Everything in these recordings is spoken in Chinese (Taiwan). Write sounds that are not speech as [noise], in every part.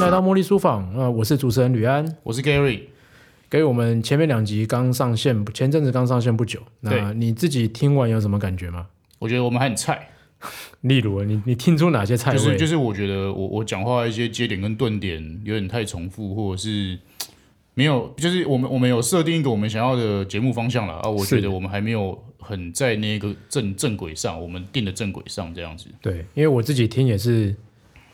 來到茉莉書房，是呃、我是主持人呂安，我是 Gary。給我們前面兩集剛上線，前陣子剛上線不久。那你自己聽完有什麼感覺嗎？我覺得我們還很菜。 [laughs] 例如，你你聽出哪些菜、就是？就是就是，我覺得我我講話一些節點跟頓點有點太重複，或者是沒有，就是我們我們有設定一個我們想要的節目方向了啊、呃。我覺得我們還沒有很在那個正正軌上，我們定的正軌上這樣子。對，因為我自己聽也是。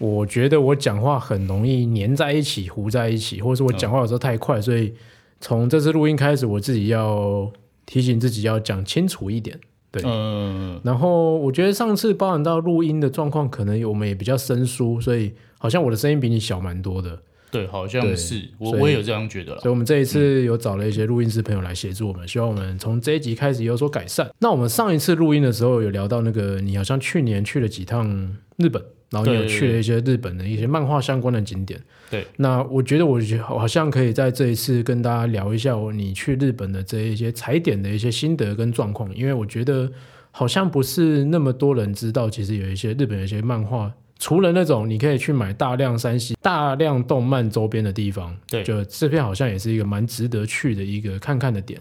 我覺得我講話很容易粘在一起、糊在一起，或者是我講話有時候太快，嗯、所以從這次錄音開始，我自己要提醒自己要講清楚一點。對，嗯，然後我覺得上次包含到錄音的狀況，可能我們也比較生疏，所以好像我的聲音比你小蠻多的。對，好像是，我我也有這樣覺得。所以，我們這一次有找了一些錄音師朋友來協助我們，嗯、希望我們從這一集開始有所改善。那我們上一次錄音的時候，有聊到那個你好像去年去了幾趟日本？然後你有去了一些日本的一些漫畫相關的景點。對，對，對，對，那我覺得我好像可以在這一次跟大家聊一下，我你去日本的這一些踩點的一些心得跟狀況，因為我覺得好像不是那麼多人知道，其實有一些日本有一些漫畫，除了那種你可以去買大量 3C，大量動漫周邊的地方，對，就這片好像也是一個蠻值得去的一個看看的點。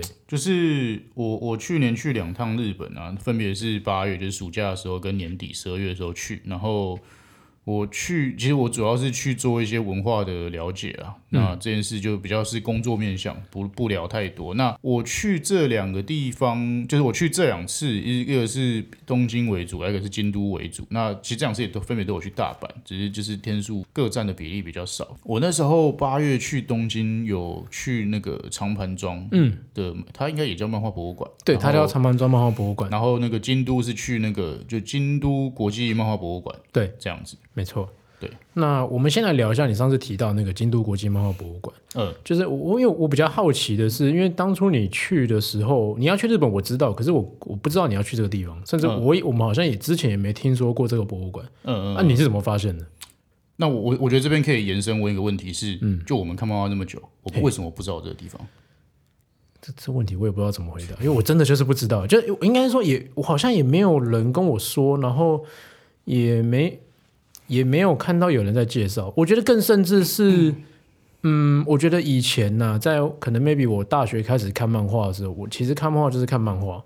對，就是我，我去年去兩趟日本啊，分別是八月，就是暑假的時候跟年底十二月的時候去，然後。我去，其實我主要是去做一些文化的了解啊。嗯、那這件事就比較是工作面向，不不聊太多。那我去這兩個地方，就是我去這兩次，一個是東京為主，還有一個是京都為主。那其實這兩次也都分別都有去大阪，只是就是天數各占的比例比較少。我那時候八月去東京，有去那個常盤莊，嗯的，它、嗯、應該也叫漫畫博物館，對，它後叫常盤莊漫畫博物館。然後那個京都，是去那個就京都國際漫畫博物館，對，這樣子。沒錯，對。那我們先來聊一下你上次提到那個京都國際漫畫博物館。嗯，就是我有我比較好奇的是，因為當初你去的時候，你要去日本，我知道，可是我我不知道你要去這個地方，甚至我、嗯、我們好像也之前也沒聽說過這個博物館。嗯，嗯嗯。那、啊、你是怎麼發現的？那我我我覺得這邊可以延伸問一個問題是，嗯，就我們看漫畫那麼久，我為什麼不知道這個地方？嗯、這這問題我也不知道怎麼回答，因為我真的就是不知道， [laughs] 就應該說也我好像也沒有人跟我說，然後也沒。也沒有看到有人在介紹，我覺得更甚至是，嗯，嗯，我覺得以前呢、啊，在可能 maybe 我大學開始看漫畫的時候，我其實看漫畫就是看漫畫。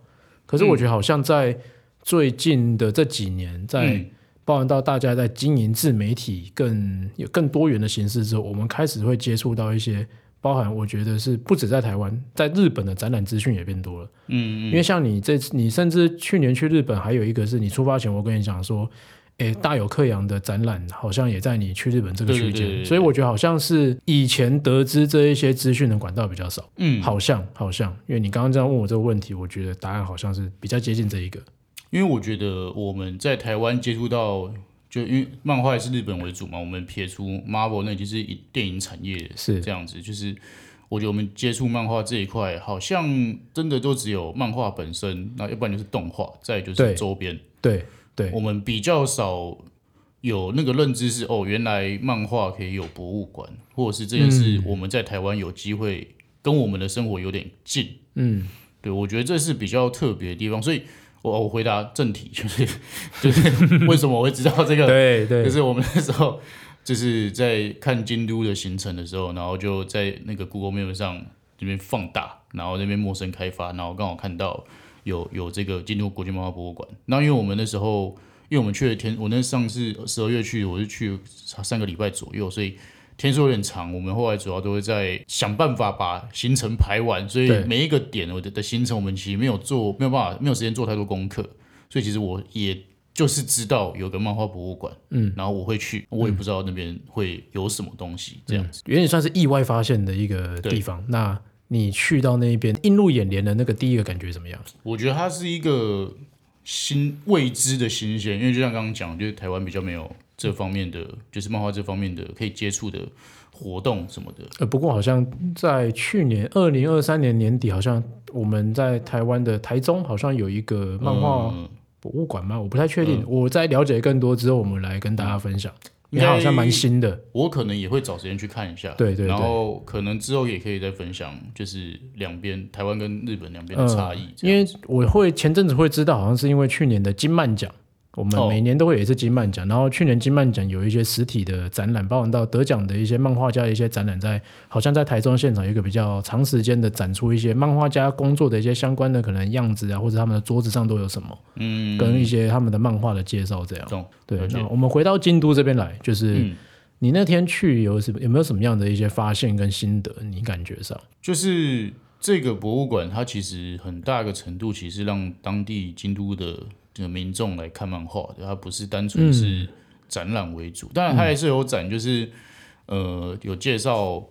可是我覺得好像在最近的這幾年，嗯、在包含到大家在經營自媒體更有更多元的形式之後，我們開始會接觸到一些包含，我覺得是不止在台灣，在日本的展覽資訊也變多了。嗯，嗯，因為像你這次，你甚至去年去日本，還有一個是你出發前我跟你講說。欸，大友克洋的展覽好像也在你去日本這個區間，對對對對對，所以我覺得好像是以前得知這一些資訊的管道比較少。嗯，好像好像，因為你剛剛這樣問我這個問題，我覺得答案好像是比較接近這一個。因為我覺得我們在台灣接觸到，就因為漫畫也是日本為主嘛，我們撇出 Marvel 那就是以電影產業是這樣子，就是我覺得我們接觸漫畫這一塊，好像真的都只有漫畫本身，那要不然就是動畫，再就是周邊。對。對。對，我們比較少有那個認知是哦，原來漫畫可以有博物館，或者是這件事、嗯、我們在台灣有機會跟我們的生活有點近，嗯，對，我覺得這是比較特別的地方。所以我我回答正題，就是就是 [laughs] 為什麼我會知道這個？對 [laughs] 對，對就是我們那時候就是在看京都的行程的時候，然後就在那個 Google Map 上這邊放大，然後那邊陌生開發，然後剛好看到。有有這個京都國際漫畫博物館，那因為我們那時候，因為我們去了天，我那上次十二月去，我是去三個禮拜左右，所以天數有點長。我們後來主要都會在想辦法把行程排完，所以每一個點我的的行程，我們其實沒有做，沒有辦法，沒有時間做太多功課。所以其實我也就是知道有個漫畫博物館，嗯，然後我會去，我也不知道那邊會有什麼東西，這樣子、嗯，原來算是意外發現的一個地方。對那。你去到那邊，映入眼簾的那個第一個感覺怎麼樣？我覺得它是一個新未知的新鮮，因為就像剛剛講，就是台灣比較沒有這方面的，嗯、就是漫畫這方面的可以接觸的活動什麼的。呃，不過好像在去年二零二三年年底，好像我們在台灣的台中好像有一個漫畫博物館嘛，嗯、我不太確定。嗯、我再了解更多之後，我們來跟大家分享。嗯應該好像蠻新的，我可能也會找時間去看一下。對對，對，然後可能之後也可以再分享，就是兩邊台灣跟日本兩邊的差異，呃。這樣子。因為我會前陣子會知道，嗯、好像是因為去年的金漫獎。我們每年都會有一次金漫獎，然後去年金漫獎有一些實體的展覽，包含到得獎的一些漫畫家的一些展覽，在好像在台中現場有一個比較長時間的展出，一些漫畫家工作的一些相關的可能樣子啊，或者他們的桌子上都有什麼，嗯，跟一些他們的漫畫的介紹這樣。嗯、對，那我們回到京都這邊來，就是、嗯、你那天去有什麼有沒有什麼樣的一些發現跟心得？你感覺上，就是這個博物館它其實很大一個程度，其實讓當地京都的。這個民眾來看漫畫，它不是單純是展覽為主，當然它還是有展，就是呃有介紹，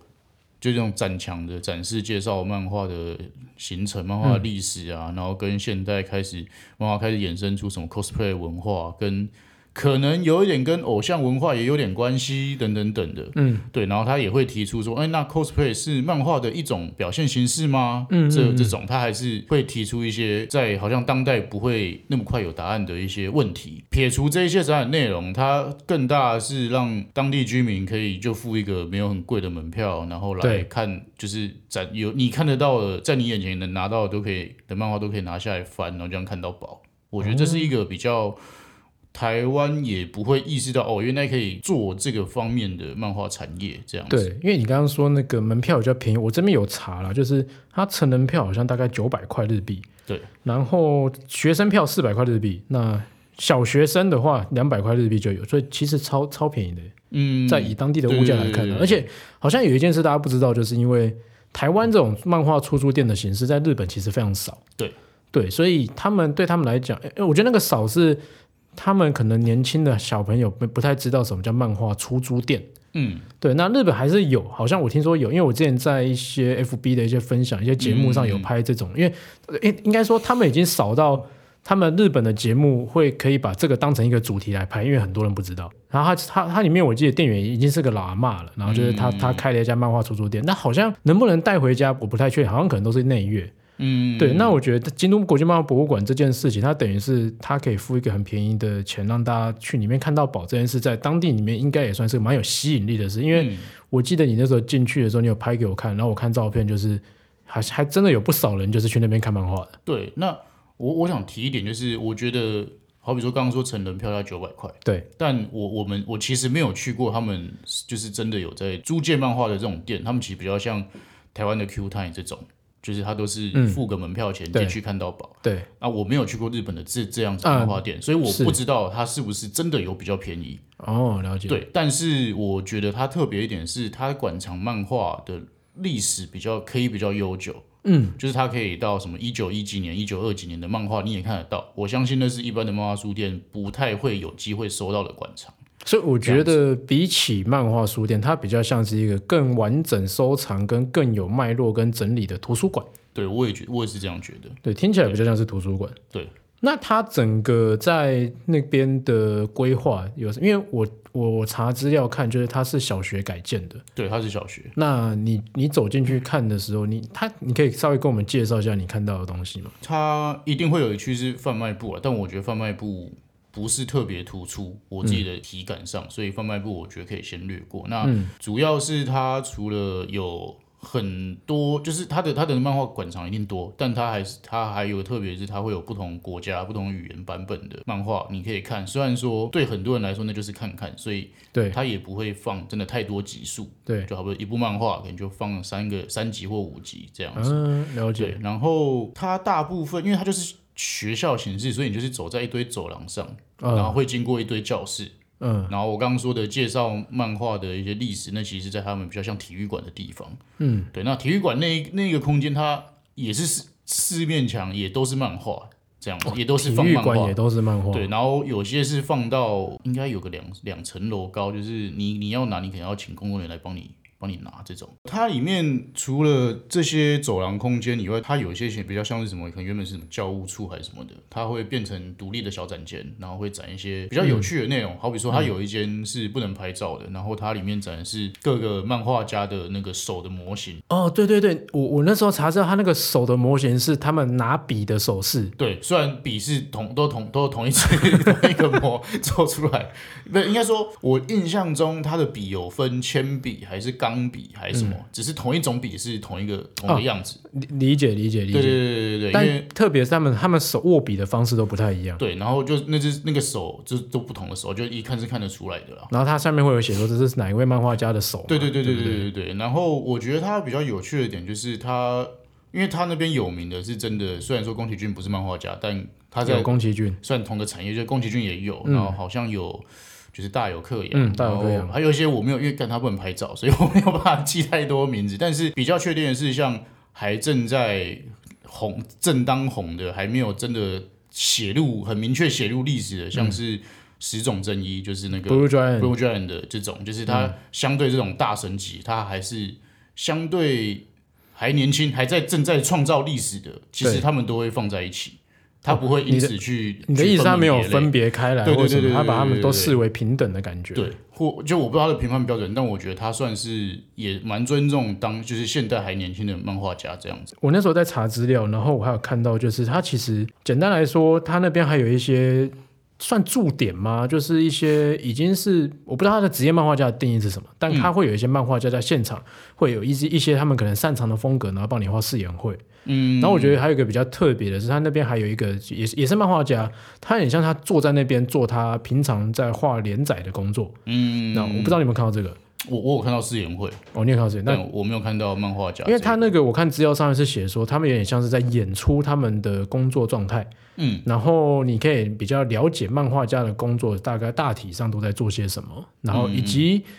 就這種展牆的展示介紹漫畫的形成、漫畫歷史啊，嗯、然後跟現代開始，漫畫開始衍生出什麼 cosplay 文化跟。可能有一點跟偶像文化也有點關係，等等等的，嗯，對，然後他也會提出說，哎、欸，那 cosplay 是漫畫的一種表現形式嗎？嗯，嗯，這、嗯、這種他還是會提出一些在好像當代不會那麼快有答案的一些問題。撇除這些展覽內容，它更大的是讓當地居民可以就付一個沒有很貴的門票，然後來看，對 就是展有你看得到的，在你眼前能拿到的都可以的漫畫都可以拿下來翻，然後這樣看到寶。我覺得這是一個比較。台灣也不會意識到哦，原來可以做這個方面的漫畫產業這樣子。對，因為你剛剛說那個門票比較便宜，我這邊有查了，就是它成人票好像大概九百塊日幣，對，然後學生票四百塊日幣，那小學生的話兩百塊日幣就有，所以其實超超便宜的。嗯，在以當地的物價來看呢，對對對對，而且好像有一件事大家不知道，就是因為台灣這種漫畫出租店的形式，在日本其實非常少。對，對，所以他們對他們來講，哎、欸，我覺得那個少是。他們可能年輕的小朋友不不太知道什麼叫漫畫出租店，嗯，對。那日本還是有，好像我聽說有，因為我之前在一些 FB 的一些分享，一些節目上有拍這種，嗯嗯因為、欸、應應該說他們已經少到他們日本的節目會可以把這個當成一個主題來拍，因為很多人不知道。然後他他他裡面我記得店員已經是個老阿媽了，然後就是他他開了一家漫畫出租店，嗯嗯，那好像能不能帶回家我不太確定，好像可能都是內月。嗯，對，那我覺得京都國際漫畫博物館這件事情，它等於是它可以付一個很便宜的錢，讓大家去裡面看到飽這件事，在當地裡面應該也算是蠻有吸引力的事。因為我記得你那時候進去的時候，你有拍給我看，然後我看照片，就是還還真的有不少人就是去那邊看漫畫的。對，那我我想提一點，就是我覺得好比說剛剛說成人票要九百塊，對，但我我們我其實沒有去過他們，就是真的有在租借漫畫的這種店，他們其實比較像台灣的 Q Time 這種。就是他都是付個門票錢進去看到寶，嗯。對，對啊，我沒有去過日本的這這樣子的漫畫店，呃、所以我不知道他是不是真的有比較便宜。哦，了解。對，但是我覺得它特別一點是，它館藏漫畫的歷史比較可以比較悠久。嗯，就是它可以到什麼一九一幾年，一九二幾年的漫畫你也看得到。我相信那是一般的漫畫書店不太會有機會收到的館藏。所以我覺得，比起漫畫書店，它比較像是一個更完整收藏，跟更有脈絡，跟整理的圖書館。對，我也覺得，我也是這樣覺得。對，聽起來比較像是圖書館。對，那它整個在那邊的規劃，有因為我我我查資料看，就是它是小學改建的。對，它是小學。那你你走進去看的時候，你它你可以稍微跟我們介紹一下你看到的東西嗎？它一定會有一區是販賣部啊，但我覺得販賣部。不是特別突出，我自己的體感上，嗯，所以販賣部我覺得可以先略過。那主要是它除了有很多，就是它的它的漫畫館藏一定多，但它還是它還有特別是它會有不同國家、不同語言版本的漫畫，你可以看。雖然說對很多人來說那就是看看，所以對它也不會放真的太多集數，對，就好比一部漫畫可能就放三個三集或五集這樣子。嗯，了解。然後它大部分，因為它就是。學校形式，所以你就是走在一堆走廊上，嗯、然後會經過一堆教室。嗯，然後我剛剛說的介紹漫畫的一些歷史，那其實，在他們比較像體育館的地方。嗯，對，那體育館那那個空間，它也是四四面牆，也都是漫畫，這樣，哦、也都是放漫畫，體育館也都是漫畫。對，然後有些是放到應該有個兩兩層樓高，就是你你要拿，你可能要請工作人員來幫你。幫你拿這種，它裡面除了這些走廊空間以外，它有一些些比較像是什麼，可能原本是什麼教務處還是什麼的，它會變成獨立的小展間，然後會展一些比較有趣的內容。嗯、好比說，它有一間是不能拍照的，嗯、然後它裡面展的是各個漫畫家的那個手的模型。哦，對對對，我我那時候查知道它那個手的模型是他們拿筆的手勢。對，雖然筆是同都同都同一支一個模做出來， [laughs] 不，應該說，我印象中它的筆有分鉛筆還是鋼。鋼筆還是什麼？嗯、只是同一種筆，是同一個同一個樣子。理解理解理解，理解理解對對對對，但因為，特別是他們他們手握筆的方式都不太一樣。對，然後就那隻那個手就都不同的手，就一看是看得出來的。然後它上面會有寫說，這是哪一位漫畫家的手。對對對對對對對。對對對對，然後我覺得它比較有趣的點就是它，因為它那邊有名的是真的。雖然說宮崎駿不是漫畫家，但他在宮崎駿算同個產業，就宮崎駿也有，然後好像有。嗯就是大友克洋，嗯，大友克洋，還有一些我沒有，因為看他不能拍照，所以我沒有辦法記太多名字。但是比較確定的是，像還正在紅、正當紅的，還沒有真的寫入很明確寫入歷史的，像是石塚真一，嗯、就是那個 Blue Giant Blue Giant 的這種，就是他相對這種大神級，嗯、他還是相對還年輕，還在正在創造歷史的，對其實他們都會放在一起。他不會因此去，哦，你的、你的意思他沒有分別開來，對對對，對,對,對,對,對，他把他們都視為平等的感覺，對，或就我不知道他的評判標準，但我覺得他算是也蠻尊重當就是現代，還年輕的漫畫家這樣子。我那時候在查資料，然後我還有看到就是他其實簡單來說，他那邊還有一些算駐點嗎？就是一些已經是我不知道他的職業漫畫家的定義是什麼，但他會有一些漫畫家在現場、嗯、會有一些一些他們可能擅長的風格，然後幫你畫似顏繪。嗯，然後我覺得還有一個比較特別的是，他那邊還有一個也是也是漫畫家，他很像他坐在那邊做他平常在畫連載的工作。嗯，那我不知道你有沒有看到這個，我我有看到私演會，哦，oh, 你有看到私演，但那我沒有看到漫畫家、這個，因為他那個我看資料上面是寫說他們有點像是在演出他們的工作狀態，嗯，然後你可以比較了解漫畫家的工作大概大體上都在做些什麼，然後以及嗯嗯。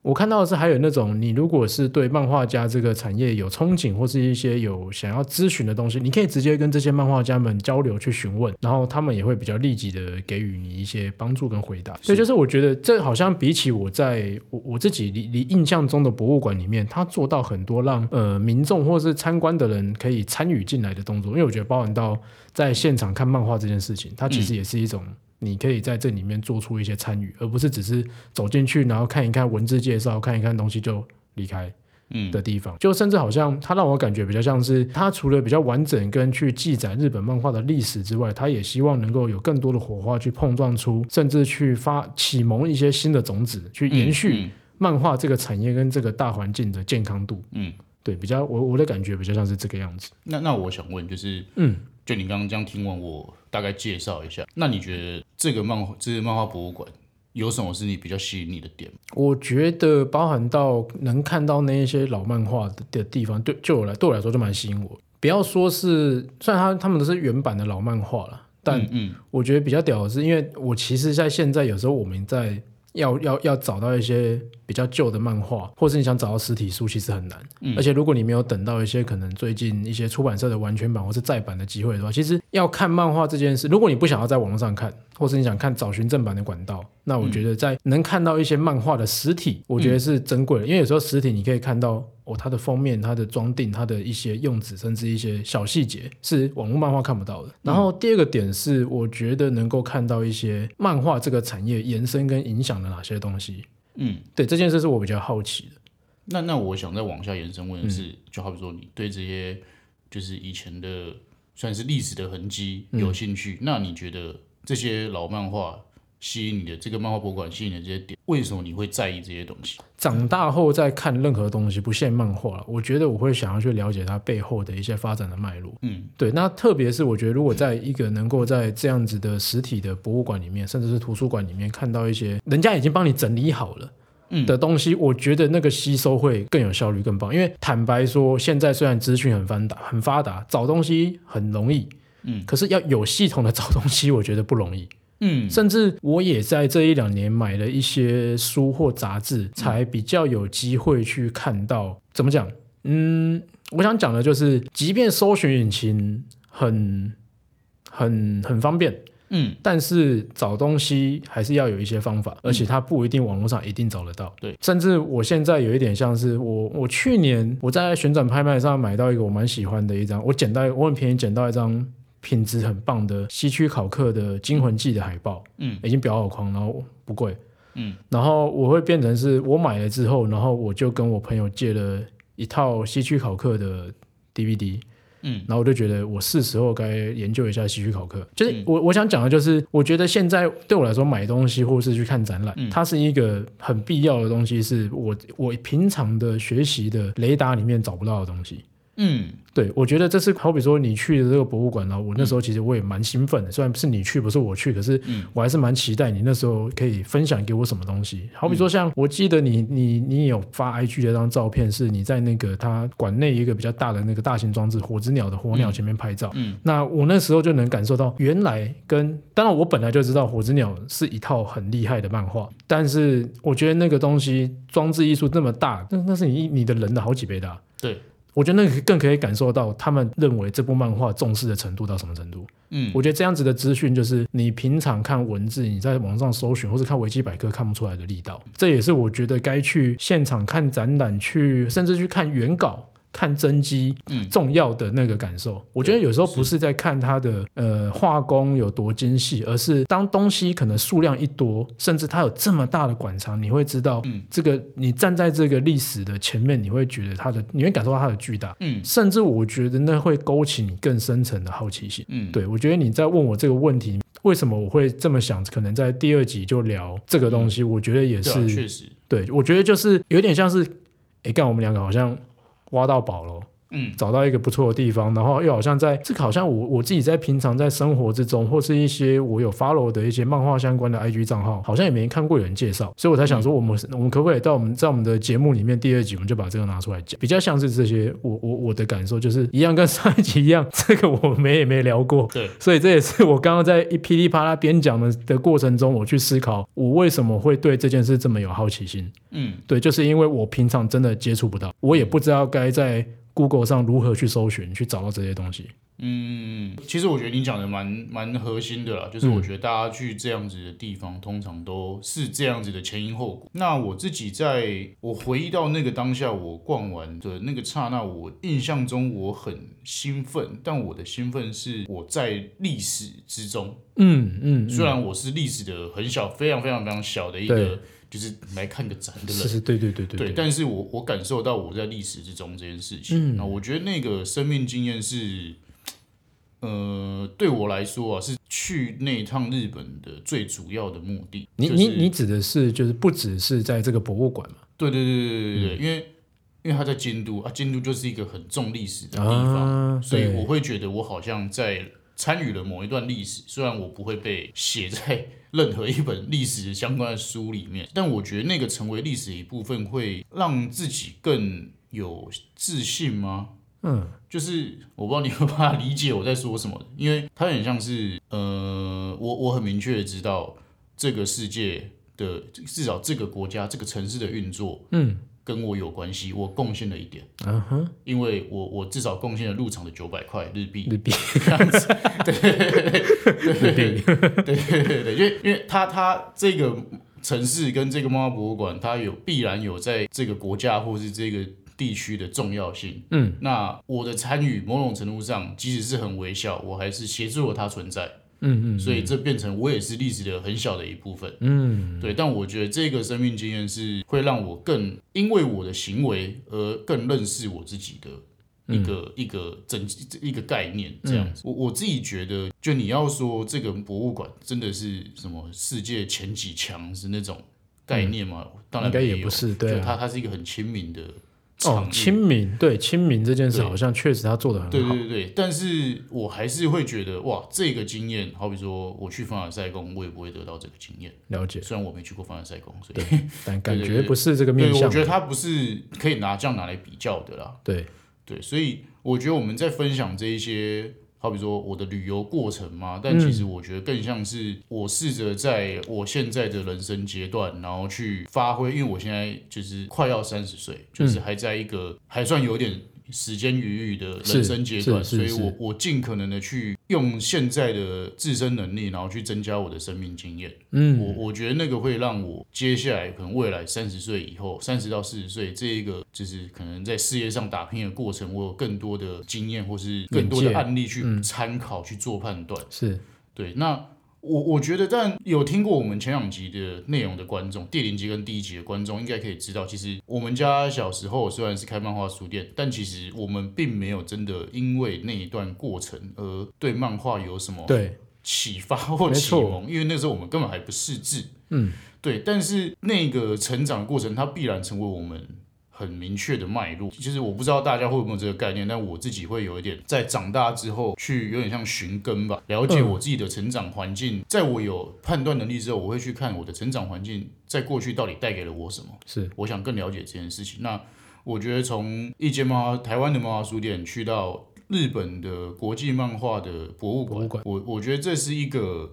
我看到的是，還有那種你如果是對漫畫家這個產業有憧憬，或是一些有想要諮詢的東西，你可以直接跟這些漫畫家們交流去詢問，然後他們也會比較立即的給予你一些幫助跟回答。所以就是我覺得這好像比起我在我我自己你印象中的博物館裡面，它做到很多讓呃民眾或是參觀的人可以參與進來的動作，因為我覺得包含到在現場看漫畫這件事情，它其實也是一種。嗯你可以在這裡面做出一些參與，而不是只是走進去，然後看一看文字介紹，看一看東西就離開。嗯，的地方、嗯、就甚至好像它讓我感覺比較像是它，除了比較完整跟去記載日本漫畫的歷史之外，它也希望能夠有更多的火花去碰撞出，甚至去發啟蒙一些新的種子，去延續、嗯嗯、漫畫這個產業跟這個大環境的健康度。嗯，對，比較我我的感覺比較像是這個樣子。那那我想問就是，嗯。就你剛剛這樣聽完，我大概介紹一下。那你覺得這個漫畫，這個漫畫博物館有什麼是你比較吸引你的點？我覺得包含到能看到那一些老漫畫的地方，對，就我來對我來說就蠻吸引我。不要說是，雖然他他們都是原版的老漫畫了，但我覺得比較屌的是，因為我其實在現在有時候我們在要要要找到一些。比較舊的漫畫，或是你想找到實體書，其實很難。嗯、而且，如果你沒有等到一些可能最近一些出版社的完全版或是再版的機會的話，其實要看漫畫這件事，如果你不想要在網絡上看，或是你想看找尋正版的管道，那我覺得在能看到一些漫畫的實體，嗯、我覺得是珍貴的。因為有時候實體你可以看到哦，它的封面、它的裝訂、它的一些用紙，甚至一些小細節是網絡漫畫看不到的。嗯、然後第二個點是，我覺得能夠看到一些漫畫這個產業延伸跟影響的哪些東西。嗯，對這件事是我比較好奇的。那那我想再往下延伸問的是，嗯、就好比說你對這些就是以前的算是歷史的痕跡有興趣，嗯、那你覺得這些老漫畫吸引你的這個漫畫博物館吸引你的這些點，為什麼你會在意這些東西？長大後再看任何東西，不限漫畫了，我覺得我會想要去了解它背後的一些發展的脈絡。嗯，對。那特別是我覺得，如果在一個能夠在這樣子的實體的博物館裡面，嗯、甚至是圖書館裡面看到一些人家已經幫你整理好了的東西，嗯、我覺得那個吸收會更有效率、更棒。因為坦白說，現在雖然資訊很發達、很發達，找東西很容易，嗯，可是要有系統的找東西，我覺得不容易。嗯，甚至我也在這一兩年買了一些書或雜誌，才比較有機會去看到、嗯。怎麼講？嗯，我想講的就是，即便搜尋引擎很很很方便，嗯，但是找東西還是要有一些方法，而且它不一定網絡上一定找得到。對、嗯，甚至我現在有一點像是我，我去年我在旋轉拍賣上買到一個我蠻喜歡的一張，我撿到，我很便宜撿到一張，品質很棒的希區考克的《驚魂記》的海報，嗯，已經裱好框，然後不貴，嗯，然後我會變成是我買了之後，然後我就跟我朋友借了一套希區考克的 DVD，嗯，然後我就覺得我是時候該研究一下希區考克。就是我我想講的就是，我覺得現在對我來說買東西或是去看展覽，它是一個很必要的東西，是我我平常的學習的雷達裡面找不到的東西。嗯，對，我覺得這是好比說你去的這個博物館呢、啊，我那時候其實我也蠻興奮的，嗯、雖然是你去不是我去，可是我還是蠻期待你那時候可以分享給我什麼東西。好比說像我記得你你你有發 IG 的一張照片，是你在那個他館內一個比較大的那個大型裝置《火之鳥》的火鳥前面拍照。嗯，嗯，那我那時候就能感受到原來跟當然我本來就知道《火之鳥》是一套很厲害的漫畫，但是我覺得那個東西裝置藝術這麼大，那那是你你的人的好幾倍大、啊。對。我覺得那個更可以感受到他們認為這部漫畫重視的程度到什麼程度。嗯，我覺得這樣子的資訊就是你平常看文字，你在網上搜尋或者看維基百科看不出來的力道。這也是我覺得該去現場看展覽，去甚至去看原稿。看真跡，重要的那個感受，嗯、我覺得有時候不是在看它的呃畫工有多精細，而是當東西可能數量一多，甚至它有這麼大的館藏，你會知道、這個，嗯，這個你站在這個歷史的前面，你會覺得它的，你會感受到它的巨大，嗯，甚至我覺得那會勾起你更深層的好奇心，嗯，對，我覺得你在問我這個問題，為什麼我會這麼想，可能在第二集就聊這個東西，嗯、我覺得也是，確、啊、實，對，我覺得就是有點像是，誒、欸，幹我們兩個好像。挖到寶嘍！嗯，找到一個不錯的地方，然後又好像在，這個、好像我我自己在平常在生活之中，或是一些我有 follow 的一些漫畫相關的 IG 賬號，好像也沒看過有人介紹，所以我才想說，我們、嗯、我們可不可以到我們在我們的節目裡面第二集，我們就把這個拿出來講，比較像是這些，我我我的感受就是，一樣跟上一集一樣，嗯、這個我們沒也沒聊過，對，所以這也是我剛剛在一噼裡啪啦邊講的的過程中，我去思考我為什麼會對這件事這麼有好奇心，嗯，對，就是因為我平常真的接觸不到，我也不知道該在。Google 上如何去搜尋，去找到這些東西？嗯，其實我覺得你講的蠻蠻核心的啦，就是我覺得大家去這樣子的地方，嗯，通常都是這樣子的前因後果。那我自己在我回憶到那個當下，我逛完的那個剎那，我印象中我很興奮，但我的興奮是我在歷史之中。嗯嗯，嗯，雖然我是歷史的很小，非常非常非常小的一個。就是來看個展的人，是是，對對對對。對，但是我我感受到我在歷史之中這件事情啊，嗯、我覺得那個生命經驗是，呃，對我來說啊，是去那一趟日本的最主要的目的。就是、你你你指的是就是不只是在這個博物館嘛？對對對對對對對，嗯、因為因為他在京都啊，京都就是一個很重歷史的地方，啊、所以我會覺得我好像在參與了某一段歷史，雖然我不會被寫在。任何一本歷史相關的書裡面，但我覺得那個成為歷史一部分，會讓自己更有自信嗎？嗯，就是我不知道你會不會理解我在說什麼，因為它很像是，呃，我我很明確的知道這個世界的至少這個國家這個城市的運作，嗯。跟我有關係，我貢獻了一點，嗯哼、uh-huh. 因為我我至少貢獻了入場的九百塊日幣，日幣幣這樣子， [laughs] 對對對對對，因為因為它它這個城市跟這個漫畫博物館，它有必然有在這個國家或是這個地區的重要性，嗯，那我的參與某種程度上，即使是很微小，我還是協助了它存在。嗯嗯，嗯，所以這變成我也是歷史的很小的一部分。嗯，對。但我覺得這個生命經驗是會讓我更因為我的行為而更認識我自己的一個、嗯、一個整一個概念這樣子。嗯、我我自己覺得，就你要說這個博物館真的是什麼世界前幾強是那種概念嘛？嗯、當然有應該也不是，對、啊，就它它是一個很親民的。哦，清明對，清明這件事，好像確實他做得很好對。對對對，但是我還是會覺得哇，這個經驗，好比說我去凡爾賽宮，我也不會得到這個經驗了解。雖然我沒去過凡爾賽宮，所以對，但感覺對對對對不是這個面向。我覺得他不是可以拿這樣拿來比較的啦。對對，所以我覺得我們在分享這一些。好比說我的旅遊過程嘛，但其實我覺得更像是我試着在我現在的人生階段，然後去發揮，因為我現在就是快要三十歲，就是還在一個還算有點時間餘裕的人生階段，所以我我盡可能的去。用現在的自身能力，然後去增加我的生命經驗。嗯，我我覺得那個會讓我接下來可能未來三十歲以後，三十到四十歲這一個就是可能在事業上打拼的過程，我有更多的經驗，或是更多的案例去參考、嗯、去做判斷。是對，那。我我覺得，但有聽過我們前兩集的內容的觀眾，第零集跟第一集的觀眾應該可以知道，其實我們家小時候雖然是開漫畫書店，但其實我們並沒有真的因為那一段過程而對漫畫有什麼啟發或啟蒙，沒錯。因為那時候我們根本還不識字。嗯，對。但是那個成長過程，它必然成為我們。很明確的脈絡，其、就、實、是、我不知道大家會不會有這個概念，但我自己會有一點，在長大之後去有點像尋根吧，了解我自己的成長環境。嗯、在我有判斷能力之後，我會去看我的成長環境在過去到底帶給了我什麼。是，我想更了解這件事情。那我覺得從一間漫畫，台灣的漫畫書店，去到日本的國際漫畫的博物館，博物館。我我覺得這是一個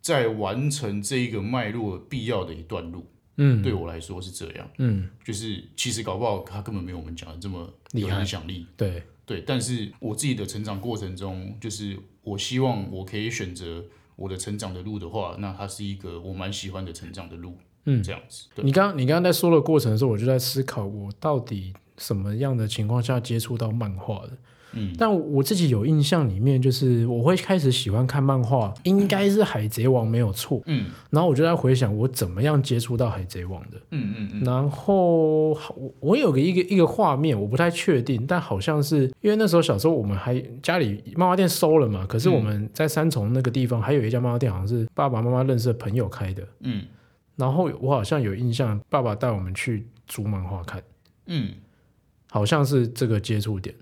在完成這一個脈絡必要的一段路。嗯，對我來說是這樣。嗯，就是其實搞不好他根本沒有我們講的這麼有影響力。對對，但是我自己的成長過程中，就是我希望我可以選擇我的成長的路的話，那它是一個我蠻喜歡的成長的路。嗯，這樣子。你剛你剛剛在說的過程的時候，我就在思考我到底什麼樣的情況下接觸到漫畫的。嗯，但我自己有印象裡面，就是我會開始喜歡看漫畫，應該是《海賊王》沒有錯。嗯，然後我就在回想我怎麼樣接觸到《海賊王》的。嗯嗯嗯。嗯嗯然後我我有個一個一個畫面，我不太確定，但好像是因為那時候小時候我們還家裡漫畫店收了嘛，可是我們在三重那個地方還有一家漫畫店，好像是爸爸媽媽認識的朋友開的。嗯，然後我好像有印象，爸爸帶我們去租漫畫看。嗯，好像是這個接觸點。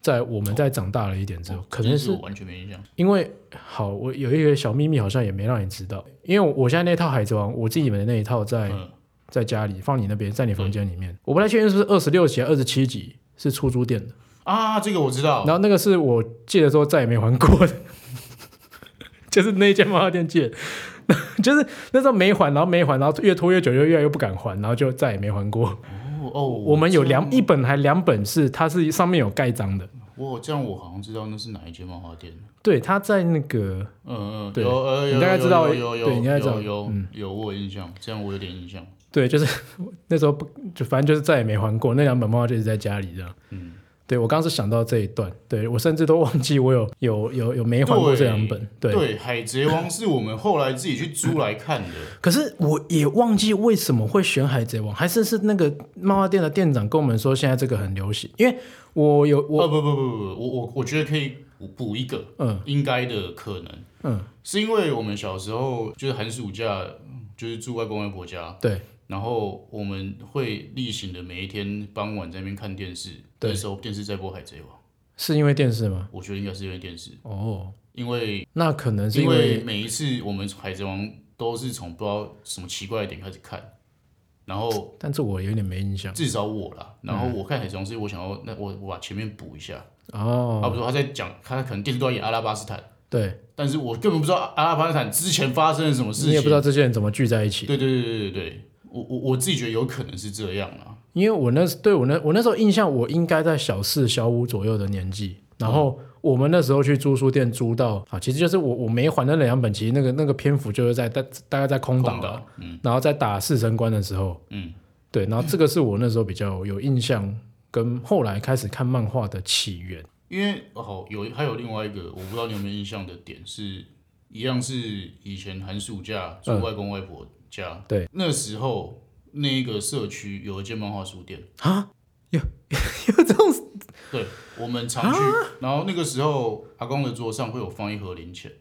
在我們再長大了一點之後，可能、哦哦、是完全沒印象。因為好，我有一個小祕密，好像也沒讓你知道。因為我現在那套《海賊王》，我自己買的那一套在、嗯、在家裡放你那邊，在你房間裡面，嗯、我不太確定是不是二十六集、二十七集是出租店的啊。這個我知道。然後那個是我借的時候再也沒還過的， [laughs] 就是那間漫畫店借， [laughs] 就是那時候沒還，然後沒還，然後越拖越久越，就越來越不敢還，然後就再也沒還過。哦，oh, 我們有兩一本還兩本是，它是上面有蓋章的。哦，oh, 這樣我好像知道那是哪一間漫畫店。對，它在那個，嗯嗯、對呃，對，你大概知道，有有有，有有有，有，有，有，有我有印象，嗯、這樣我有點印象。對，就是那時候不，就反正就是再也沒還過那兩本漫畫，就是在家裡這樣。嗯。對，我剛剛是想到這一段，對我甚至都忘記我有有有有沒還過這兩本。對，對，海賊王是我們後來自己去租來看的、 [laughs] 嗯，可是我也忘記為什麼會選海賊王，還是是那個漫畫店的店長跟我們說現在這個很流行，嗯、因為我有我、哦、不不不不不，我我覺得可以補，補一個，嗯，應該的可能，嗯，嗯是因為我們小時候就是寒暑假就是住外公外婆家，對。然後我們會例行的每一天傍晚在那邊看電視，那對時候電視在播《海賊王》，是因為電視嗎？我覺得應該是因為電視哦，因為那可能是因為，因為每一次我們《海賊王》都是從不知道什麼奇怪的點開始看，然後，但是我有點沒印象，至少我啦，然後我看《海賊王》是我想要那我我把前面補一下哦，啊不，不如他在講，他可能電視都要演阿拉巴斯坦，對，但是我根本不知道阿拉巴斯坦之前發生了什麼事情，你也不知道這些人怎麼聚在一起，對，對對對對對對。我我我自己覺得有可能是這樣啊，因為我那對我那我那時候印象，我應該在小四小五左右的年紀，然後我們那時候去租書店租到啊，其實就是我我沒還的那兩本，其實那個那個篇幅就是在大大概在空島，嗯，然後在打四神官的時候，嗯，對，然後這個是我那時候比較有印象，跟後來開始看漫畫的起源，因為好、哦、有還有另外一個我不知道你有沒有印象的點是，一樣是以前寒暑假住外公外婆。嗯家對，那時候那一個社區有一間漫畫書店啊，有有這種，對，我們常去，蛤然後那個時候阿公的桌上會有放一盒零錢，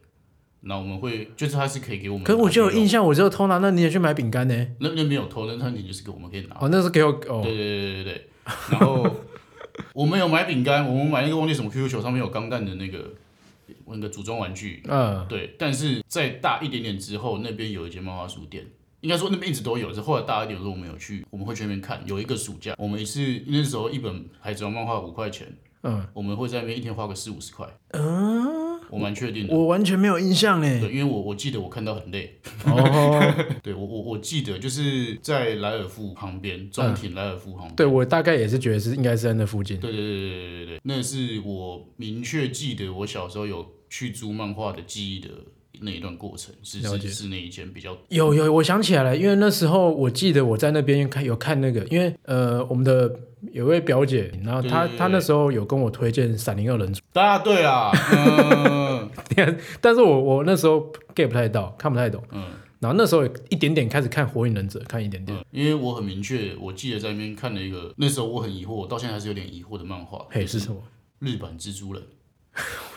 那我們會就是他是可以給我們，可我就有印象，我就偷拿，那你也去買餅乾呢？那那邊有偷，那餐廳就是給我們可以拿，哦，那是給我，哦、對對對對對，然後 [laughs] 我們有買餅乾，我們買那個忘記什麼 QQ 球，上面有鋼彈的那個那個組裝玩具，嗯，對，但是再大一點點之後，那邊有一間漫畫書店。應該說那邊一直都有，就後來大一點的時候我們有去，我們會去那邊看。有一個暑假，我們是那時候一本海賊王漫畫五塊錢，嗯，我們會在那邊一天花個四五十塊。嗯、啊，我蠻確定的，我完全沒有印象哎。對，因為我我記得我看到很累。哦， [laughs] 好好好對，我我我記得就是在萊爾富旁邊，中庭萊爾富旁邊、嗯。對，我大概也是覺得是應該是在那附近。對對對對對對對，那是我明確記得我小時候有去租漫畫的記憶的。那一段過程是解是，是那一間比較有有。我想起來了，因為那時候我記得我在那邊看有看那個，因為呃我們的有位表姐，然後她對對對對她那時候有跟我推薦《閃靈二人組》，啊對啊對啊，但是我我那時候 get 不太到，看不太懂，嗯，然後那時候也一點點開始看《火影忍者》，看一點點，嗯，因為我很明確，我記得在那邊看了一個，那時候我很疑惑，我到現在還是有點疑惑的漫畫，嘿，是什麼？日本蜘蛛人。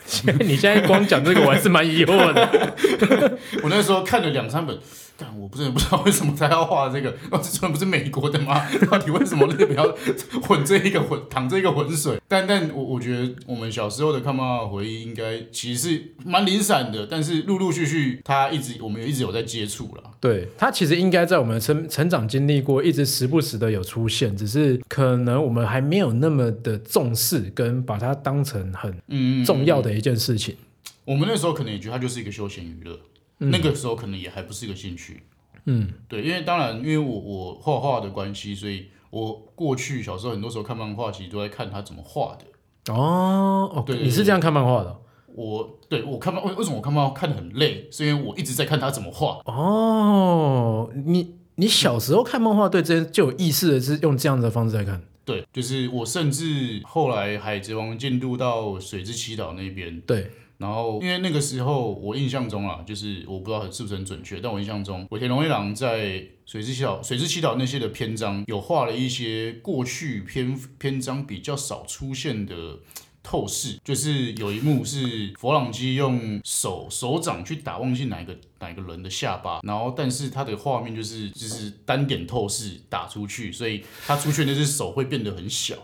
現你現在光講這個，我還是蠻疑惑的。 [laughs] [laughs] 我那時候看了兩三本。但我不是也不知道為什麼他要畫這個，這這不不是美國的嗎？到底為什麼日本要混這一個混淌這個渾水？但但我我覺得我們小時候的看漫畫回憶應該其實是蠻零散的，但是陸陸續續他一直我們也一直有在接觸了。對，他其實應該在我們成成長經歷過，一直時不時的有出現，只是可能我們還沒有那麼的重視，跟把它當成很嗯重要的一件事情嗯嗯嗯。我們那時候可能也覺得它就是一個休閒娛樂。嗯，那個時候可能也還不是一個興趣，嗯，對，因為當然，因為我我畫畫的關係，所以我過去小時候很多時候看漫畫，其實都在看他怎麼畫的。哦，okay, 對，你是這樣看漫畫的？我，我對我看漫，為為什麼我看漫畫看得很累？是因為我一直在看他怎麼畫。哦，你你小時候看漫畫對這些就有意思的是用這樣的方式在看？對，就是我甚至後來《海賊王》進入到水之七島那邊，對。然後，因為那個時候我印象中啊，就是我不知道是不是很準確，但我印象中尾田榮一郎在《水之七島》《水之七島》那些的篇章，有畫了一些過去篇篇章比較少出現的透視，就是有一幕是佛朗基用手手掌去打忘記哪一個哪一個人的下巴，然後但是他的畫面就是就是單點透視打出去，所以他出去的那隻手會變得很小。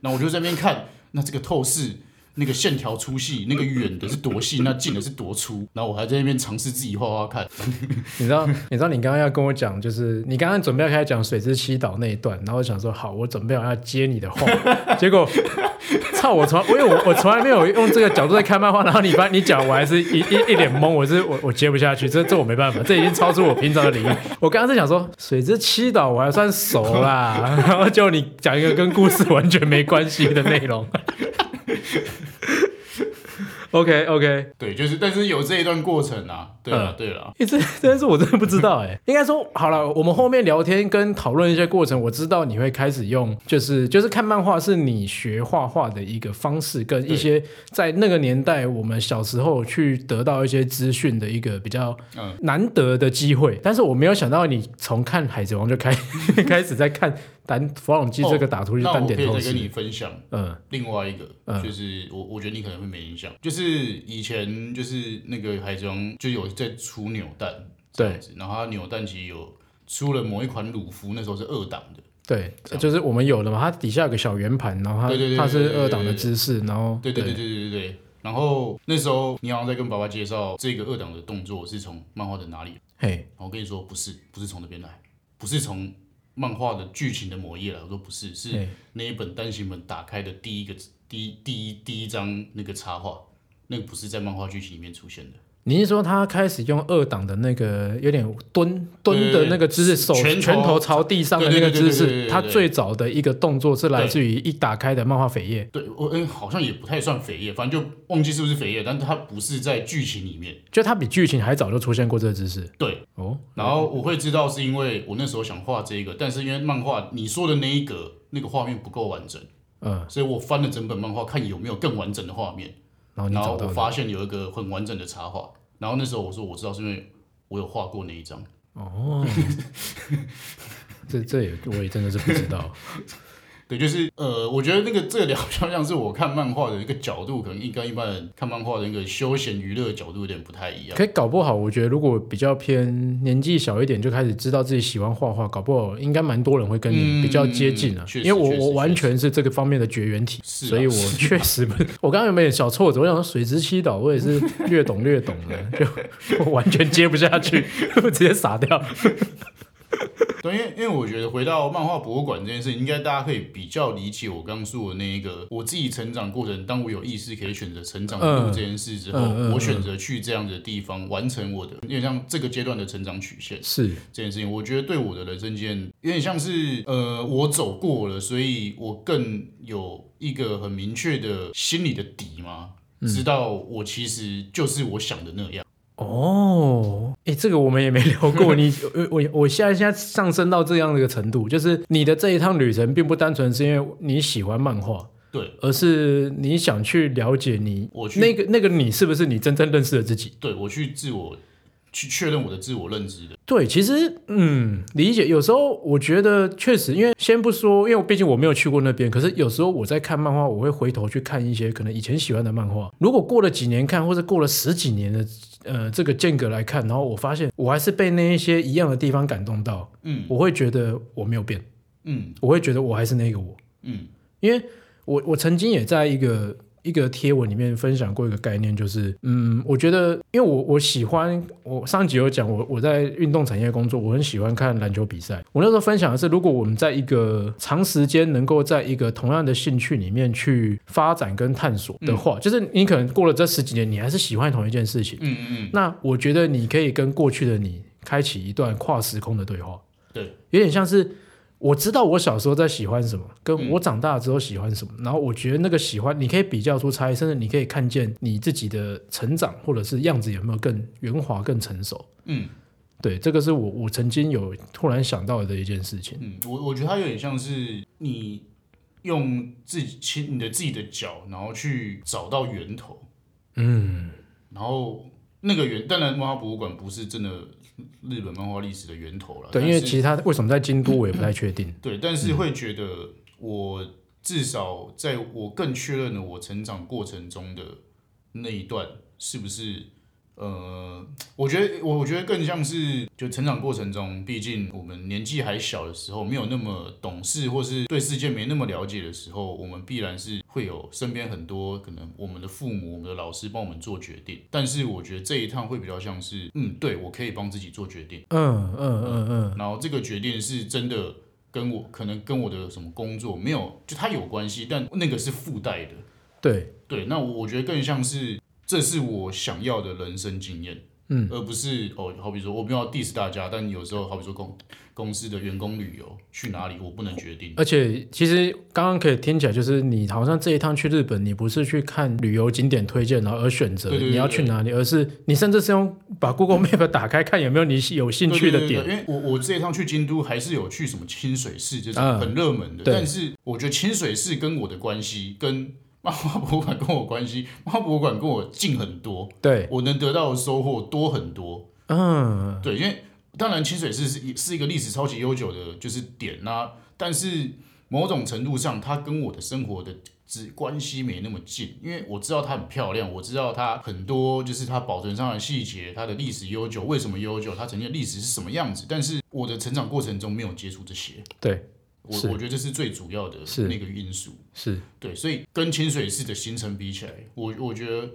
那我就在那邊看，那這個透視。那個線條粗細，那個遠的是多細，那近的是多粗。然後我還在那邊嘗試自己畫畫看。 [laughs] 你知道，你知道你剛剛要跟我講，就是你剛剛準備要開始講《水之七島》那一段，然後我想說，好，我準備要要接你的話，結果，操我從來，我從因為我我從來沒有用這個角度在看漫畫，然後你把你講，我還是一一一臉懵，我是我我接不下去，這這我沒辦法，這已經超出我平常的領域。我剛剛是想說《水之七島》我還算熟啦，然後就你講一個跟故事完全沒關係的內容。 [laughs] OK OK，對，就是，但是有這一段過程啊。對了，嗯、對了啦，哎，這真是我真的不知道哎、欸。 [laughs] 應該說好了，我們後面聊天跟討論一些過程，我知道你會開始用，就是就是看漫畫是你學畫畫的一個方式，跟一些在那個年代我們小時候去得到一些資訊的一個比較難得的機會。嗯、但是我沒有想到你從看《海賊王》就開開始在看單《弗朗基》這個打圖就單點透視。哦、那我可以再跟你分享。嗯，另外一個、嗯、就是我我覺得你可能會沒印象，就是以前就是那個《海賊王》就有。在出扭蛋對，然後扭蛋其實有出了某一款魯夫，那時候是二檔的。對，就是我們有的嘛，它底下有個小圓盤，然後對對它是二檔的姿勢，然後對對對對對對，然後那時候你好像在跟爸爸介紹這個二檔的動作是從漫畫的哪裡？嘿，我跟你說，不是，不是從那邊來，不是從漫畫的劇情的某一頁來。我說不是，是那一本單行本打開的第一個第第一第一張那個插畫，那個不是在漫畫劇情裡面出現的。你是說他開始用二檔的那個有點蹲蹲的那個姿勢，手拳頭、拳頭朝地上的那個姿勢，他最早的一個動作是來自於一打開的漫畫扉頁。對，我嗯、欸，好像也不太算扉頁，反正就忘記是不是扉頁，但他不是在劇情裡面，就他比劇情還早就出現過這個姿勢。對哦，然後我會知道是因為我那時候想畫這個，但是因為漫畫你說的那一格那個畫面不夠完整，嗯，所以我翻了整本漫畫看有沒有更完整的畫面。然後，然後我發現有一個很完整的插畫，然後那時候我說我知道，是因為我有畫過那一張。哦，哦， [laughs] [laughs] 這這也，我也真的是不知道。 [laughs] 就是呃，我覺得那個這兩、個、好像是我看漫畫的一個角度，可能一跟一般人看漫畫的一個休閒娛樂的角度有點不太一樣。可以搞不好，我覺得如果比較偏年紀小一點就開始知道自己喜歡畫畫，搞不好應該蠻多人會跟你比較接近啊。嗯、因為我我完全是這個方面的絕緣體，啊、所以我確實不、啊啊、我剛剛有沒有點小錯？我想說水之七島我也是略懂略懂的， [laughs] 就我完全接不下去， [laughs] 我直接傻掉。 [laughs] 對， [laughs] 因為因為我覺得回到漫畫博物館這件事情，應該大家可以比較理解我剛剛說的那一個我自己成長的過程。當我有意識可以選擇成長的路這件事之後，嗯嗯嗯、我選擇去這樣的地方完成我的，有點、嗯嗯、像這個階段的成長曲線是這件事情。我覺得對我的人生間，有點像是呃，我走過了，所以我更有一個很明確的心裡的底嘛，知道，嗯、我其實就是我想的那樣哦。哎，這個我們也沒聊過。你， [laughs] 我，我現在現在上升到這樣的一個程度，就是你的這一趟旅程並不單純是因為你喜歡漫畫，對，而是你想去了解你去那個那個你是不是你真正認識的自己？對，我去自我。去確認我的自我認知的，對，其實嗯，理解有時候我覺得確實，因為先不說，因為我畢竟我沒有去過那邊，可是有時候我在看漫畫，我會回頭去看一些可能以前喜歡的漫畫，如果過了幾年看，或者過了十幾年的呃這個間隔來看，然後我發現我還是被那一些一樣的地方感動到，嗯，我會覺得我沒有變，嗯，我會覺得我還是那個我，嗯，因為我我曾經也在一個。一個貼文裡面分享過一個概念，就是，嗯，我覺得，因為我我喜歡，我上集有講，我我在運動產業工作，我很喜歡看籃球比賽。我那時候分享的是，如果我們在一個長時間能夠在一個同樣的興趣裡面去發展跟探索的話，嗯、就是你可能過了這十幾年，嗯、你還是喜歡同一件事情，嗯嗯。那我覺得你可以跟過去的你開啟一段跨時空的對話，對，有點像是。我知道我小時候在喜歡什麼，跟我長大之後喜歡什麼，嗯、然後我覺得那個喜歡你可以比較出差異，甚至你可以看見你自己的成長，或者是樣子有沒有更圓滑、更成熟。嗯，對，這個是我我曾經有突然想到的一件事情。嗯，我我覺得它有點像是你用自己親你的自己的腳，然後去找到源頭。嗯，然後那個源，當然漫畫博物館不是真的。日本漫畫歷史的源頭了。對，是因為其實他為什麼在京都，我也不太確定。 [coughs] 對，但是會覺得，我至少在我更確認了我成長過程中的那一段是不是。呃，我覺得，我我覺得更像是，就成長過程中，畢竟我們年紀還小的時候，沒有那麼懂事，或是對世界沒那麼了解的時候，我們必然是會有身邊很多可能，我們的父母、我們的老師幫我們做決定。但是，我覺得這一趟會比較像是，嗯，對，我可以幫自己做決定，嗯嗯嗯嗯，嗯嗯然後這個決定是真的跟我，可能跟我的什麼工作沒有，就它有關係，但那個是附帶的，對對。那我覺得更像是。這是我想要的人生經驗，嗯，而不是哦，好比說，我不要 diss 大家，但有時候好比說公公司的員工旅遊去哪裡，我不能決定。而且，其實剛剛可以聽起來，就是你好像這一趟去日本，你不是去看旅遊景點推薦，然後而選擇你要去哪裡，對對對，而是你甚至是用把 Google Map、嗯、打開看有沒有你有興趣的點。對對對對，因為我我這一趟去京都還是有去什麼清水寺這種、嗯、很熱門的，對但是我覺得清水寺跟我的關係跟。漫畫博物館跟我關係，漫畫博物館跟我近很多，對，我能得到的收穫多很多。嗯，對，因為當然清水寺是是一個歷史超級悠久的，就是點啦、啊，但是某種程度上，它跟我的生活的之關係沒那麼近，因為我知道它很漂亮，我知道它很多，就是它保存上的細節，它的歷史悠久，為什麼悠久，它曾經歷史是什麼樣子，但是我的成長過程中沒有接觸這些，對。我是我覺得這是最主要的那個因素，是，是對，所以跟清水寺的行程比起來，我我覺得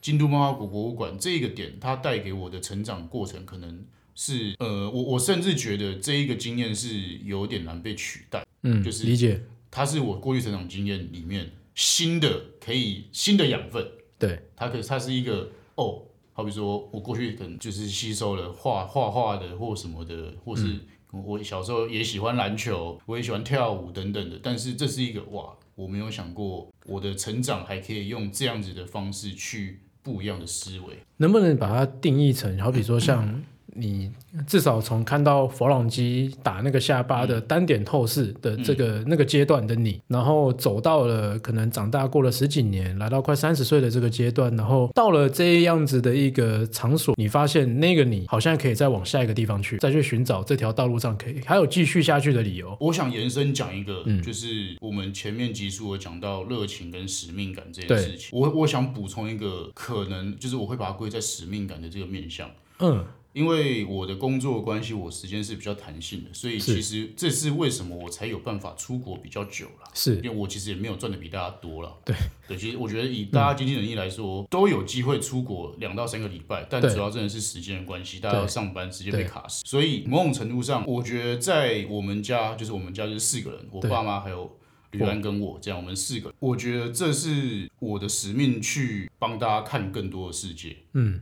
京都漫畫博物館這一個點，它帶給我的成長過程，可能是呃，我我甚至覺得這一個經驗是有點難被取代，嗯，就是理解，它是我過去成長經驗裡面新的可以新的養分，對，它可它是一個哦，好比說我過去可能就是吸收了畫畫畫的或什麼的，或是。嗯我小時候也喜歡籃球，我也喜歡跳舞等等的，但是這是一個哇，我沒有想過我的成長還可以用這樣子的方式去不一樣的思維，能不能把它定義成好比說像。 [laughs] 你至少從看到佛朗基打那個下巴的單點透視的這個那個階段的你，嗯、然後走到了可能長大過了十幾年，來到快三十歲的這個階段，然後到了這樣子的一個場所，你發現那個你好像可以再往下一個地方去，再去尋找這條道路上可以還有繼續下去的理由。我想延伸講一個，嗯、就是我們前面集數有講到熱情跟使命感這件事情，對我我想補充一個可能，就是我會把它歸在使命感的這個面向，嗯。因為我的工作的關係，我時間是比較彈性的，所以其實這是為什麼我才有辦法出國比較久了。是，因為我其實也沒有賺得比大家多了。對，對，其實我覺得以大家經濟能力來說，嗯、都有機會出國兩到三個禮拜，但主要真的是時間的關係，對大家要上班時間被卡死。對所以某種程度上，嗯、我覺得在我們家，就是我們家就是四個人，我爸媽還有呂安跟我,我這樣，我們四個人，我覺得這是我的使命，去幫大家看更多的世界。嗯。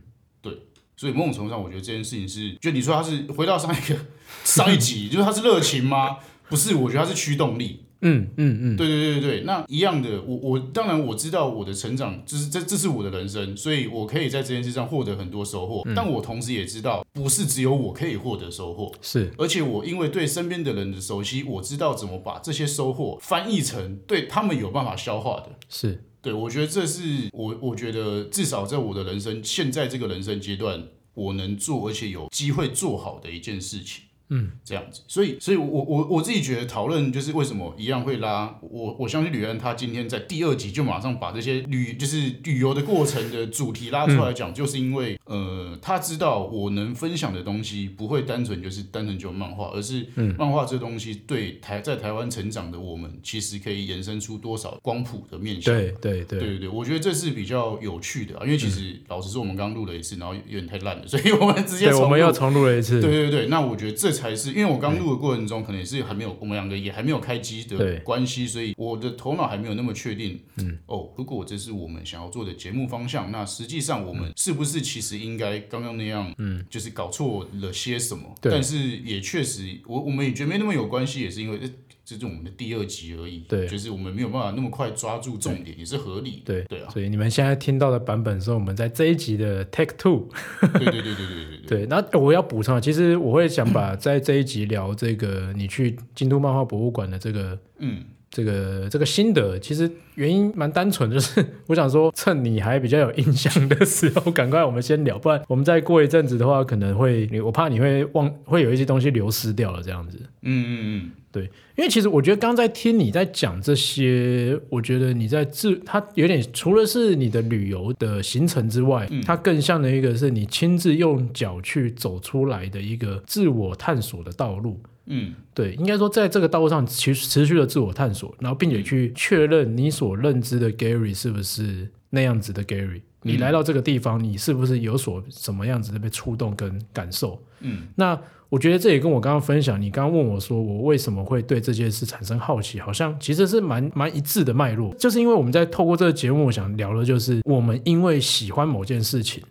所以某種程度上，我覺得這件事情是，就你說它是回到上一個上一集， [laughs] 就是它是熱情嗎？不是，我覺得它是驅動力。嗯嗯嗯，嗯嗯對對對對對。那一樣的，我我當然我知道我的成長，就是這這是我的人生，所以我可以在這件事上獲得很多收穫。嗯、但我同時也知道，不是只有我可以獲得收穫，是。而且我因為對身邊的人的熟悉，我知道怎麼把這些收穫翻譯成對他們有辦法消化的，是。對，我覺得這是我，我覺得至少在我的人生，現在這個人生階段，我能做而且有機會做好的一件事情。嗯，這樣子，所以，所以我我我自己覺得討論就是為什麼一樣會拉我，我相信呂安他今天在第二集就馬上把這些旅就是旅遊的過程的主題拉出來講，嗯、就是因為呃，他知道我能分享的東西不會單純就是單純就漫畫，而是漫畫這東西對台在台灣成長的我們其實可以延伸出多少光譜的面向對。對對對對對，我覺得這是比較有趣的啊，因為其實對老實說，我們剛錄了一次，然後有點太爛了，所以我們直接重錄，我們要重錄了一次。對對對，那我覺得這。才是，因為我剛錄的過程中，嗯、可能也是還沒有我們兩個也還沒有開機的關係，對所以我的頭腦還沒有那麼確定。嗯，哦，如果這是我們想要做的節目方向，那實際上我們是不是其實應該剛剛那樣？嗯，就是搞錯了些什麼？對但是也確實，我我們也覺得沒那麼有關係，也是因為。這是我們的第二集而已，對就是我們沒有辦法那麼快抓住重點，對也是合理。對對啊，所以你們現在聽到的版本是我們在這一集的 Take Two。 [laughs] 對對對,對對對對對對對。對，那我要補充，其實我會想把在這一集聊這個，你去京都漫畫博物館的這個，嗯。這個這個心得其實原因蠻單純，就是我想說趁你還比較有印象的時候， [laughs] 趕快我們先聊，不然我們再過一陣子的話，可能會我怕你會忘，會有一些東西流失掉了這樣子。嗯嗯嗯，對，因為其實我覺得剛剛在聽你在講這些，我覺得你在自，它有點除了是你的旅遊的行程之外，嗯、它更像的一個是你親自用腳去走出來的一個自我探索的道路。嗯，對，應該說在這個道路上，持，持續的自我探索，然後並且去確認你所認知的 Gary 是不是那樣子的 Gary，嗯。你來到這個地方，你是不是有所什麼樣子的被觸動跟感受？嗯，那我覺得這也跟我剛剛分享，你剛剛問我說我為什麼會對這件事產生好奇，好像其實是蠻蠻一致的脈絡，就是因為我們在透過這個節目，我想聊的就是我們因為喜歡某件事情，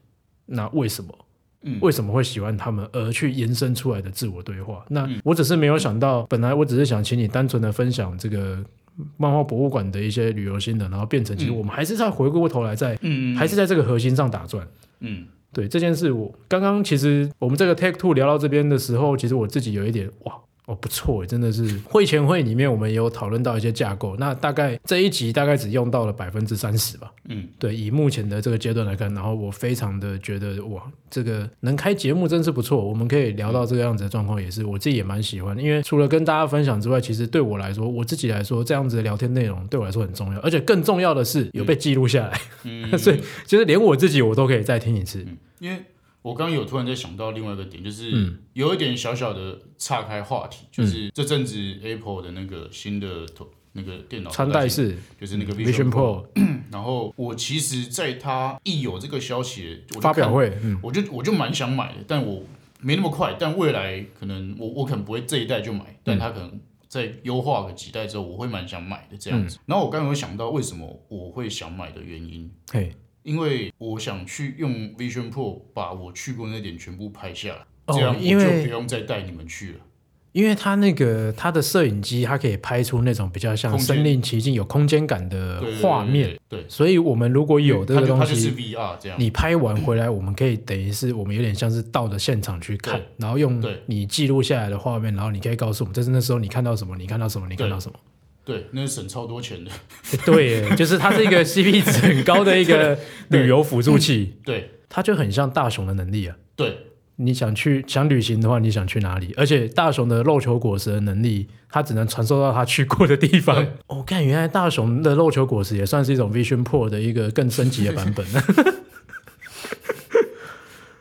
那為什麼？為什麼會喜歡他們，而去延伸出來的自我對話？那我只是沒有想到，嗯、本來我只是想請你單純的分享這個漫畫博物館的一些旅遊心得，然後變成，其實我們還是在回過頭來，在，嗯、還是在這個核心上打轉。嗯，對，這件事我，我剛剛其實我們這個 Take Two 聊到這邊的時候，其實我自己有一點哇。哦，不錯耶，真的是會前會裡面我們也有討論到一些架構，那大概這一集大概只用到了百分之三十吧。嗯，對，以目前的這個階段來看，然後我非常的覺得哇，這個能開節目真是不錯，我們可以聊到這個樣子的狀況，也是我自己也蠻喜歡，因為除了跟大家分享之外，其實對我來說，我自己來說這樣子的聊天內容對我來說很重要，而且更重要的是有被記錄下來，嗯、 [laughs] 所以其實、就是、連我自己我都可以再聽一次，嗯、因為。我剛剛有突然在想到另外一個點，就是有一點小小的岔開話題，嗯、就是這陣子 Apple 的那個新的頭那個電腦，穿戴式就是那個 Vision Pro，嗯。Pro。然後我其實在他一有這個消息我就發表會，嗯、我就我就蠻想買的，但我沒那麼快。但未來可能我我可能不會這一代就買，但他可能在優化個幾代之後，我會蠻想買的這樣子。嗯、然後我剛剛有想到為什麼我會想買的原因，嘿。因為我想去用 Vision Pro 把我去過那點全部拍下來，哦、因為，這樣我就不用再帶你們去了。因為它那個它的攝影機，它可以拍出那種比較像身臨其境、空間有空間感的畫面。對，對，對，對，對，所以我們如果有這個東西，是 VR 這樣。你拍完回來，我們可以等於是我們有點像是到的現場去看，對然後用你記錄下來的畫面，然後你可以告訴我們，這是那時候你看到什麼，你看到什麼，你看到什麼。對，那是、個、省超多錢的。欸、對，就是它是一個 CP 值很高的一個旅遊輔助器。對，對嗯、對它就很像大雄的能力啊。對，你想去想旅行的話，你想去哪裡？而且大雄的肉球果實的能力，它只能傳送到他去過的地方。我看對、哦，原來大雄的肉球果實也算是一種 Vision Pro 的一個更升級的版本、啊。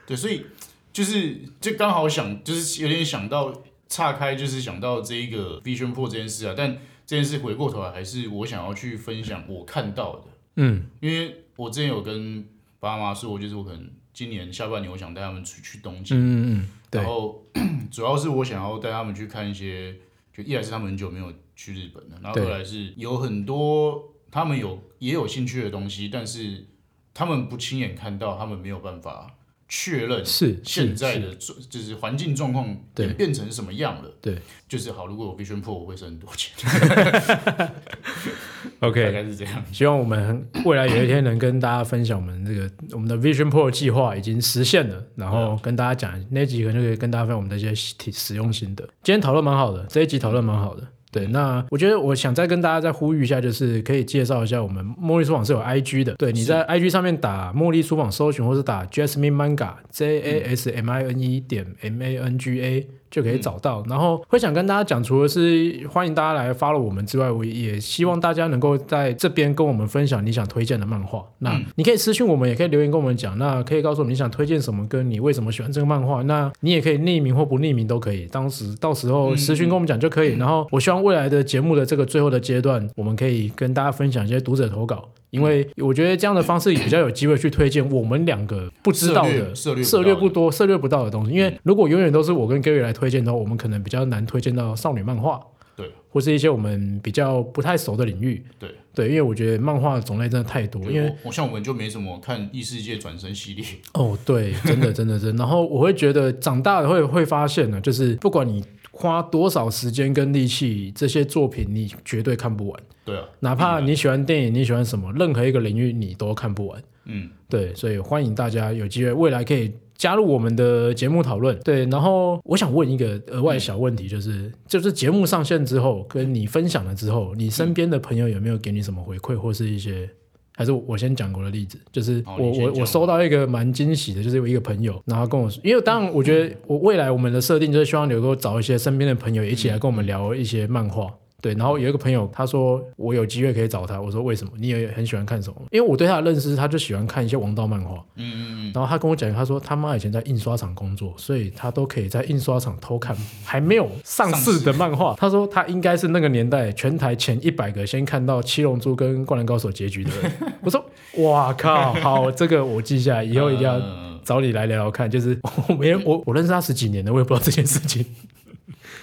對，所以就是就剛好想，就是有點想到岔開，就是想到這一個 Vision Pro 這件事啊，但。這件事回過頭來，還是我想要去分享我看到的，嗯，因為我之前有跟爸媽說，我就是我可能今年下半年我想帶他們出去東京，嗯，嗯嗯，對，然後主要是我想要帶他們去看一些，就一來是他們很久沒有去日本了，然後二來是有很多他們有對也有興趣的東西，但是他們不親眼看到，他們沒有辦法。確認是現在的狀，就是環境狀況對，變成什麼樣了？對，對就是好。如果有 Vision Pro，我會省很多錢。 [laughs] [laughs] OK，應該是這樣。希望我們未來有一天能跟大家分享我們這個 [coughs] 我們的 Vision Pro 的計劃已經實現了，然後跟大家講、嗯、那集，可能就可以跟大家分享我們的一些實體使用心得。今天討論蠻好的，這一集討論蠻好的。嗯對，那我覺得我想再跟大家再呼籲一下，就是可以介紹一下我們茉莉書坊是有 IG 的，對，是你在 IG 上面打“茉莉書坊”搜尋，或是打 “Jasmine Manga” J A S M I N E 點 M A N G A。S M I N e. 就可以找到，嗯、然後會想跟大家講，除了是歡迎大家來 follow 我們之外，我也希望大家能夠在這邊跟我們分享你想推薦的漫畫。那你可以私訊我們，也可以留言跟我們講。那可以告訴我們你想推薦什麼，跟你為什麼喜歡這個漫畫。那你也可以匿名或不匿名都可以，當時到時候私訊跟我們講就可以。嗯嗯。然後我希望未來的節目的這個最後的階段，我們可以跟大家分享一些讀者投稿。因為我覺得這樣的方式也比較有機會去推薦我們兩個不知道的涉獵、涉獵不多、涉獵不到的東西。因為如果永遠都是我跟 Gary 來推薦的話，我們可能比較難推薦到少女漫畫，對，或是一些我們比較不太熟的領域，對對。因為我覺得漫畫的種類真的太多，我因為我像我們就沒什麼看異世界轉生系列哦，對，真的真的真的。 [laughs] 然後我會覺得長大了會會發現呢，就是不管你。花多少時間跟力氣，這些作品你絕對看不完。對啊，哪怕你喜歡電影，嗯、你喜歡什麼，任何一個領域你都看不完。嗯，對，所以歡迎大家有機會未來可以加入我們的節目討論。對，然後我想問一個額外小問題，就是、嗯、就是節目上線之後跟你分享了之後，你身邊的朋友有沒有給你什麼回饋或是一些？還是我先講過的例子，就是我我、哦、我收到一個蠻驚喜的，就是有一個朋友，然後跟我說，因為當然我覺得我未來我們的設定就是希望能夠找一些身邊的朋友一起來跟我們聊一些漫畫。對，然後有一個朋友，他說我有機會可以找他。我說為什麼？你也很喜歡看什麼？因為我對他的認識，他就喜歡看一些王道漫畫。嗯嗯嗯。然後他跟我講，他說他媽以前在印刷廠工作，所以他都可以在印刷廠偷看還沒有上市的漫畫。市他說他應該是那個年代全台前一百個先看到《七龍珠》跟《灌籃高手》結局的人。 [laughs] 我說哇靠，好，這個我記下來，以後一定要找你來聊聊看。就是我我我認識他十幾年了，我也不知道這件事情。 [laughs]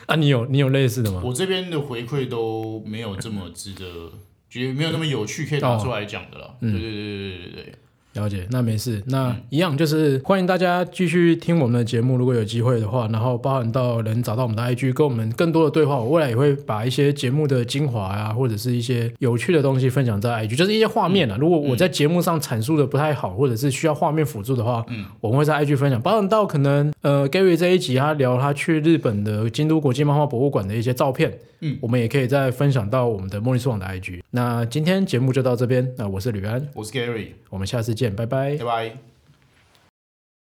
啊，你有你有類似的嗎？我這邊的回饋都沒有這麼值得， [laughs] 覺得沒有那麼有趣，可以拿出來講的了。Oh. 對，對，對，對對對對對對。了解，那沒事，那一樣就是歡迎大家繼續聽我們的節目，如果有機會的話，然後包含到能找到我們的 IG，跟我們更多的對話。我未來也會把一些節目的精華啊，或者是一些有趣的東西分享在 IG，就是一些畫面啊，嗯，如果我在節目上闡述的不太好，嗯，或者是需要畫面輔助的話，嗯，我們會在 IG 分享。包含到可能呃 Gary 這一集他聊他去日本的京都國際漫畫博物館的一些照片。嗯，我們也可以再分享到我們的莫莉斯網的 IG。那今天節目就到這邊，那我是呂安，我是 Gary，我們下次見，拜拜，拜拜。